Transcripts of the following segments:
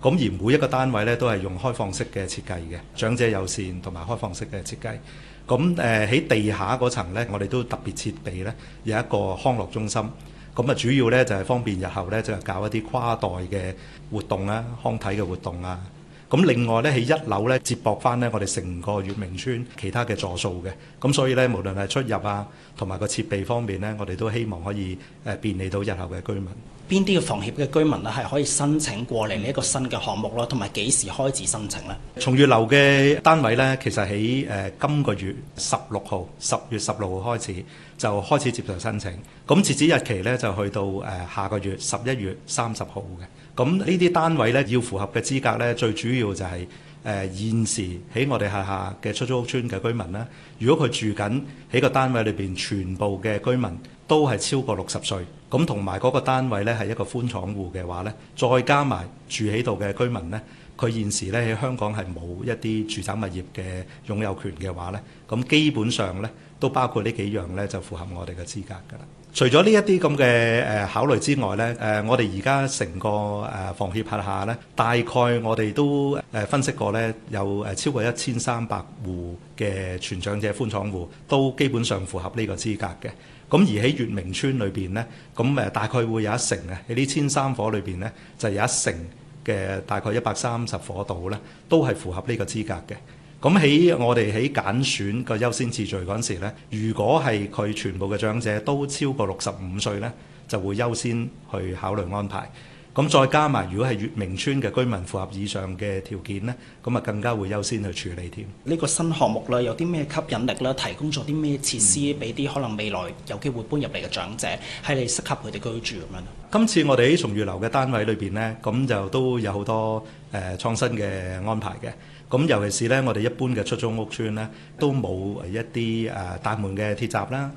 咁而每一個單位咧都係用開放式嘅設計嘅長者友善同埋開放式嘅設計。咁誒喺地下嗰層咧，我哋都特別設備咧有一個康樂中心。咁啊主要咧就係方便日後咧就係搞一啲跨代嘅活動啦、康體嘅活動啊。咁另外咧喺一樓咧接駁翻咧我哋成個乙明邨其他嘅座數嘅。咁所以咧無論係出入啊同埋個設備方面咧，我哋都希望可以誒便利到日後嘅居民。邊啲嘅房協嘅居民咧，係可以申請過嚟呢一個新嘅項目咯，同埋幾時開始申請呢？松悅樓嘅單位呢，其實喺誒、呃、今個月十六號，十月十六號開始就開始接受申請。咁、嗯、截止日期呢，就去到誒、呃、下個月十一月三十號嘅。咁呢啲單位呢，要符合嘅資格呢，最主要就係、是、誒、呃、現時喺我哋轄下嘅出租屋邨嘅居民啦。如果佢住緊喺個單位裏邊，全部嘅居民。都係超過六十歲，咁同埋嗰個單位呢係一個寬敞戶嘅話呢，再加埋住喺度嘅居民呢，佢現時呢喺香港係冇一啲住宅物業嘅擁有權嘅話呢，咁基本上呢。都包括呢幾樣咧，就符合我哋嘅資格㗎啦。除咗呢一啲咁嘅誒考慮之外咧，誒、呃、我哋而家成個誒房協拍下咧，大概我哋都誒、呃、分析過咧，有誒超過一千三百戶嘅全長者寬敞戶，都基本上符合個資呢個資格嘅。咁而喺乙明邨裏邊咧，咁誒大概會有一成咧喺呢千三夥裏邊咧，就有一成嘅大概一百三十夥度啦，都係符合呢個資格嘅。咁喺我哋喺揀選個優先次序嗰陣時咧，如果係佢全部嘅長者都超過六十五歲咧，就會優先去考慮安排。咁再加埋，如果係乙明邨嘅居民符合以上嘅條件咧，咁啊更加會優先去處理添。呢個新項目咧有啲咩吸引力咧？提供咗啲咩設施俾啲可能未來有機會搬入嚟嘅長者係嚟適合佢哋居住咁樣？今次我哋喺松悦樓嘅單位裏邊咧，咁就都有好多誒創新嘅安排嘅。咁尤其是咧，我哋一般嘅出租屋邨咧，都冇一啲誒大門嘅鐵閘啦。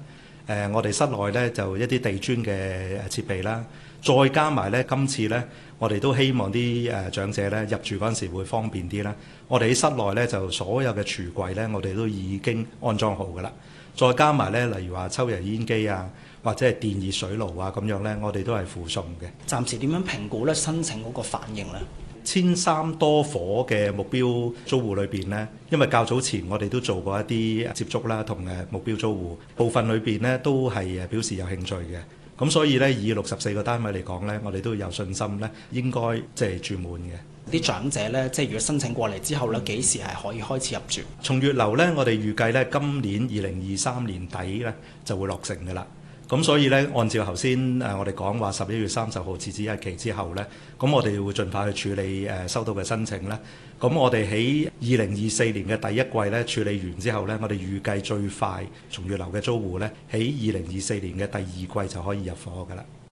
誒，我哋室內咧就一啲地磚嘅設備啦。再加埋咧，今次咧，我哋都希望啲誒長者咧入住嗰陣時會方便啲啦。我哋喺室內咧就所有嘅廚櫃咧，我哋都已經安裝好㗎喇。再加埋咧，例如話抽油煙機啊，或者係電熱水爐啊咁樣咧，我哋都係附送嘅。暫時點樣評估咧？申請嗰個反應咧？千三多伙嘅目標租戶裏邊咧，因為較早前我哋都做過一啲接觸啦，同誒目標租戶部分裏邊咧都係誒表示有興趣嘅，咁所以咧以六十四個單位嚟講咧，我哋都有信心咧應該即係住滿嘅。啲長者咧，即係如果申請過嚟之後咧，幾時係可以開始入住？松悦樓咧，我哋預計咧今年二零二三年底咧就會落成嘅啦。咁所以咧，按照頭先誒我哋講話十一月三十號截止日期之後咧，咁我哋會盡快去處理誒、呃、收到嘅申請咧。咁我哋喺二零二四年嘅第一季咧處理完之後咧，我哋預計最快松悦樓嘅租戶咧，喺二零二四年嘅第二季就可以入伙嘅啦。